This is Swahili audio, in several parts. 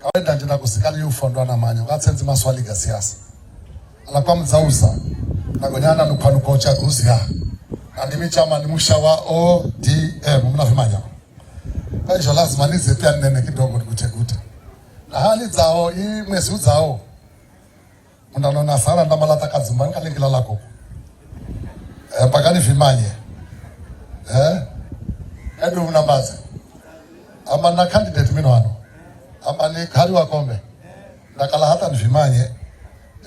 kawenda njina kusikani ndakusikali yufondwa na manyo ngatsenzi maswali ga siasa mzauza na gonyana nupanuka uchaguzi ya na nimi chama ni musha wa ODM kwa isho lazima nize pia nene kidogo nikuchekuta na hali zao hii mwezi uzao nona sana na malata kazi ndamalata kazimba nkalingila lako eh, mpaka nivimanye eh edu mnambaze ama na candidate mino ano amani ambani khali wakombe ndakala hata nivimanye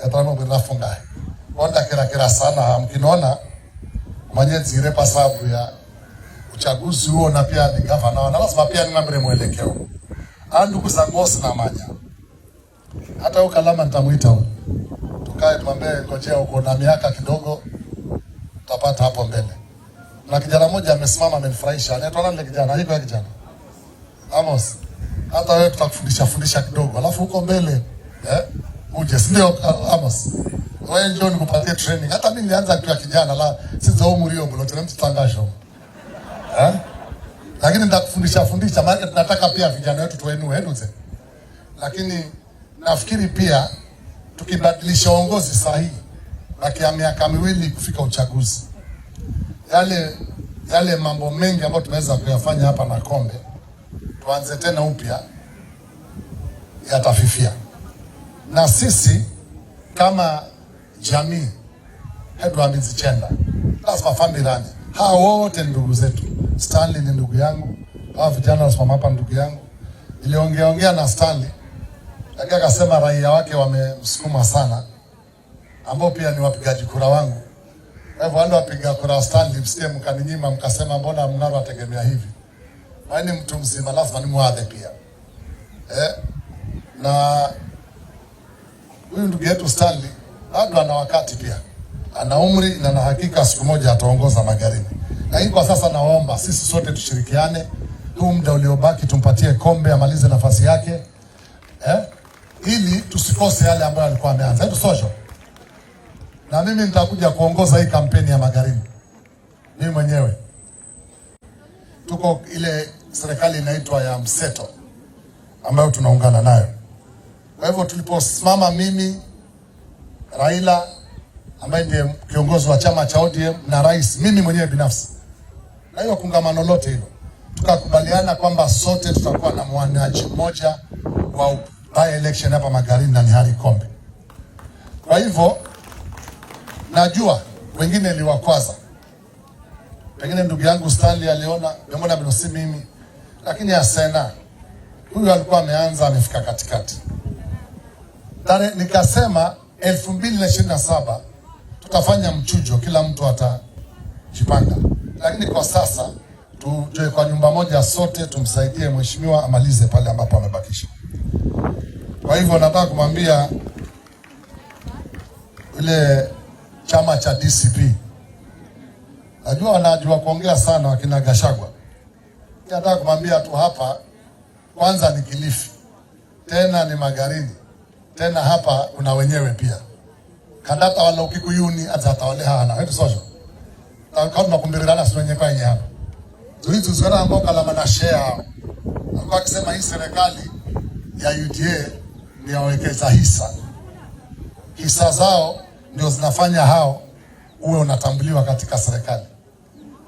atanobwerafungaye kira kira sana mkinaona manyedzire pasabu ya uchaguzi huo na pia ni gavana wana lazima pia ning'ambire mwelekeo anduku za ngosi na manya hata ukalama nitamuita huyo tukae tumwambie ngojea uko na miaka kidogo utapata hapo mbele na kijana mmoja amesimama amenifurahisha anaitwa nani kijana hiko kijana Amos hata wewe tutakufundisha fundisha kidogo, alafu huko mbele eh, uje, si ndio? Amos? wewe njoo nikupatie training. Hata mimi nilianza kwa kijana la sizo umrio bolo tena mtangasho eh, lakini nitakufundisha fundisha, maana tunataka pia vijana wetu tuwainue eh, nduze. Lakini nafikiri pia tukibadilisha uongozi sahihi, baki ya miaka miwili kufika uchaguzi, yale yale mambo mengi ambayo tumeweza kuyafanya hapa na kombe tuanze tena upya, yatafifia. Na sisi kama jamii, Edward Chenda, lazima family hawa wote ni ndugu zetu. Stanley ni ndugu yangu, hawa vijana wasimama hapa ndugu yangu. Niliongea ongea na Stanley lakini akasema raia wake wamemsukuma sana, ambao pia ni wapigaji kura wangu. Kwa hivyo wale wapiga kura Stanley, msikie mkaninyima, mkasema mbona Mng'aro ategemea hivi maana mtu mzima, lazima nimwadhe pia eh. Na huyu ndugu yetu Stanley bado ana wakati pia, ana umri na na hakika siku moja ataongoza Magarini. Lakini kwa sasa naomba sisi sote tushirikiane, huu muda uliobaki tumpatie kombe amalize nafasi yake eh, ili tusikose yale ambayo alikuwa ameanza yetu social. Na mimi nitakuja kuongoza hii kampeni ya Magarini mimi mwenyewe tuko ile serikali inaitwa ya mseto ambayo tunaungana nayo. Kwa hivyo tuliposimama mimi, Raila ambaye ndiye kiongozi wa chama cha ODM na rais, mimi mwenyewe binafsi na hiyo kongamano lote hilo, tukakubaliana kwamba sote tutakuwa na mwanaji mmoja wa by election hapa Magarini na ni Harry Kombe. Kwa hivyo najua wengine liwakwaza, pengine ndugu yangu Stanley aliona, nimeona binafsi mimi lakini Asena huyu alikuwa ameanza amefika katikati. Tare, nikasema elfu mbili na ishirini na saba tutafanya mchujo, kila mtu atajipanga, lakini kwa sasa tuje kwa nyumba moja sote tumsaidie mheshimiwa amalize pale ambapo amebakisha. Kwa hivyo nataka kumwambia ile chama cha DCP najua wanajua kuongea sana wakina Gashagwa nataka kumwambia tu hapa, kwanza ni Kilifi, tena ni Magarini, tena hapa una wenyewe pia kadata wala ukikuyuni azatawale hana wetu sojo tangu na sio wenyewe kwenye hapa tulizo zora ambao kalama na share ambao akisema hii serikali ya UDA ni yawekeza hisa hisa zao ndio zinafanya hao uwe unatambuliwa katika serikali.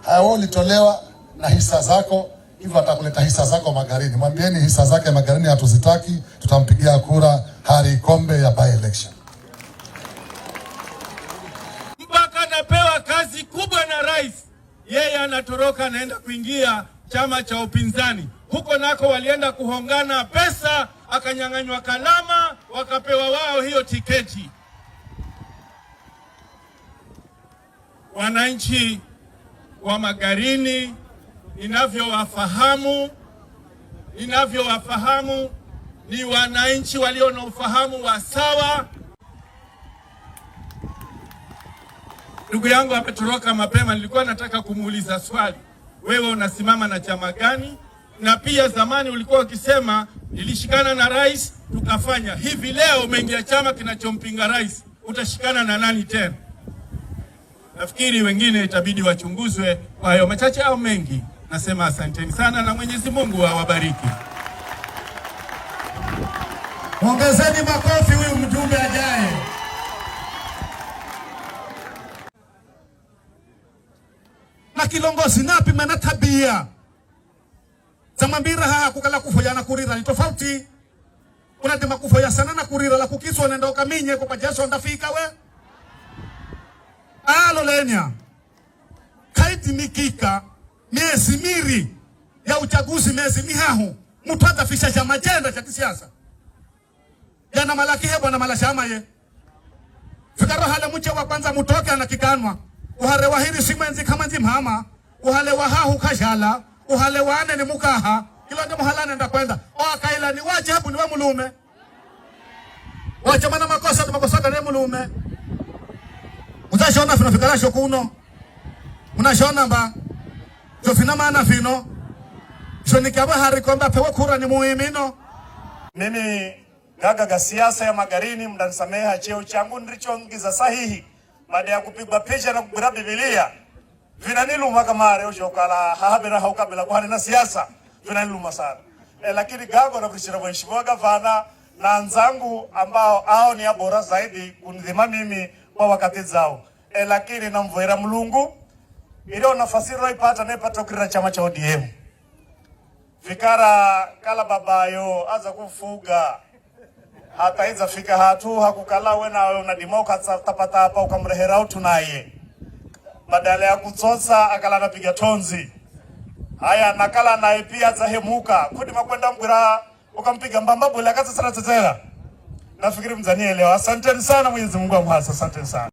Haya, wewe ulitolewa na hisa zako hivyo atakuleta hisa zako Magarini. Mwambieni hisa zake Magarini hatuzitaki, tutampigia kura hari Kombe ya by election. Mpaka anapewa kazi kubwa na rais, yeye anatoroka anaenda kuingia chama cha upinzani. Huko nako walienda kuhongana pesa, akanyang'anywa Kalama, wakapewa wao hiyo tiketi. Wananchi wa Magarini inavyowafahamu inavyowafahamu ni wananchi walio na ufahamu wa sawa. Ndugu yangu ametoroka mapema, nilikuwa nataka kumuuliza swali, wewe unasimama na chama gani? Na pia zamani ulikuwa ukisema nilishikana na rais tukafanya hivi, leo umeingia chama kinachompinga rais, utashikana na nani tena? Nafikiri wengine itabidi wachunguzwe kwa hayo machache au mengi nasema asanteni sana na Mwenyezi Mungu awabariki. ongezeni makofi huyu mjumbe ajaye. na kilongozi napi mana tabia zamwambira haha kukala kufoya na kurira ni tofauti unatema kufoya sana na kurira la kukiswa nenda ukaminye kwa jesu ndafika we alo lenya kaiti kaitimikika miezi miri ya uchaguzi miezi mihahu mtu atafisha chama chenda cha kisiasa yana malaki hebo na mala shama ye fikaro hala mche wa kwanza mutoke anakikanwa uhare wahiri simenzi nzi mhama uhale wahahu kashala uhale waane ni mukaha kila ndi muhala nenda kwenda wakaila ni wache hebu ni we mulume wache mana makosa ni makosa ni mulume mutashona fina fikarasho shokuno unashona mba zofina maana vino zonikaba hari kwamba pewe kura ni muhimino mimi gaga ga siasa ya magarini mndanisameha cheo changu ndilichoingiza sahihi baada ya kupigwa picha na kubira Biblia vinaniluma kamare ushokala hahabira haukabila kwa na siasa vinaniluma sana e, lakini gago na kushira mheshimiwa gavana na nzangu ambao ao ni bora zaidi kunidhima mimi kwa wakati zao e, lakini namvwera Mulungu iliyo nafasi roipata nepatokirira chama cha ODM fikara kala babayo aza kufuga hata iza fika hatu hakukala wenawe una democrats tapata hapa ukamrehera utu naye badala ya kutsotsa akala napiga tonzi haya nakala naye pia zahemuka kudima makwenda mgwira ukampiga mbamba kaza sana tetera nafikiri mzanielewa asanteni sana mwenyezi mungu amhasa asanteni sana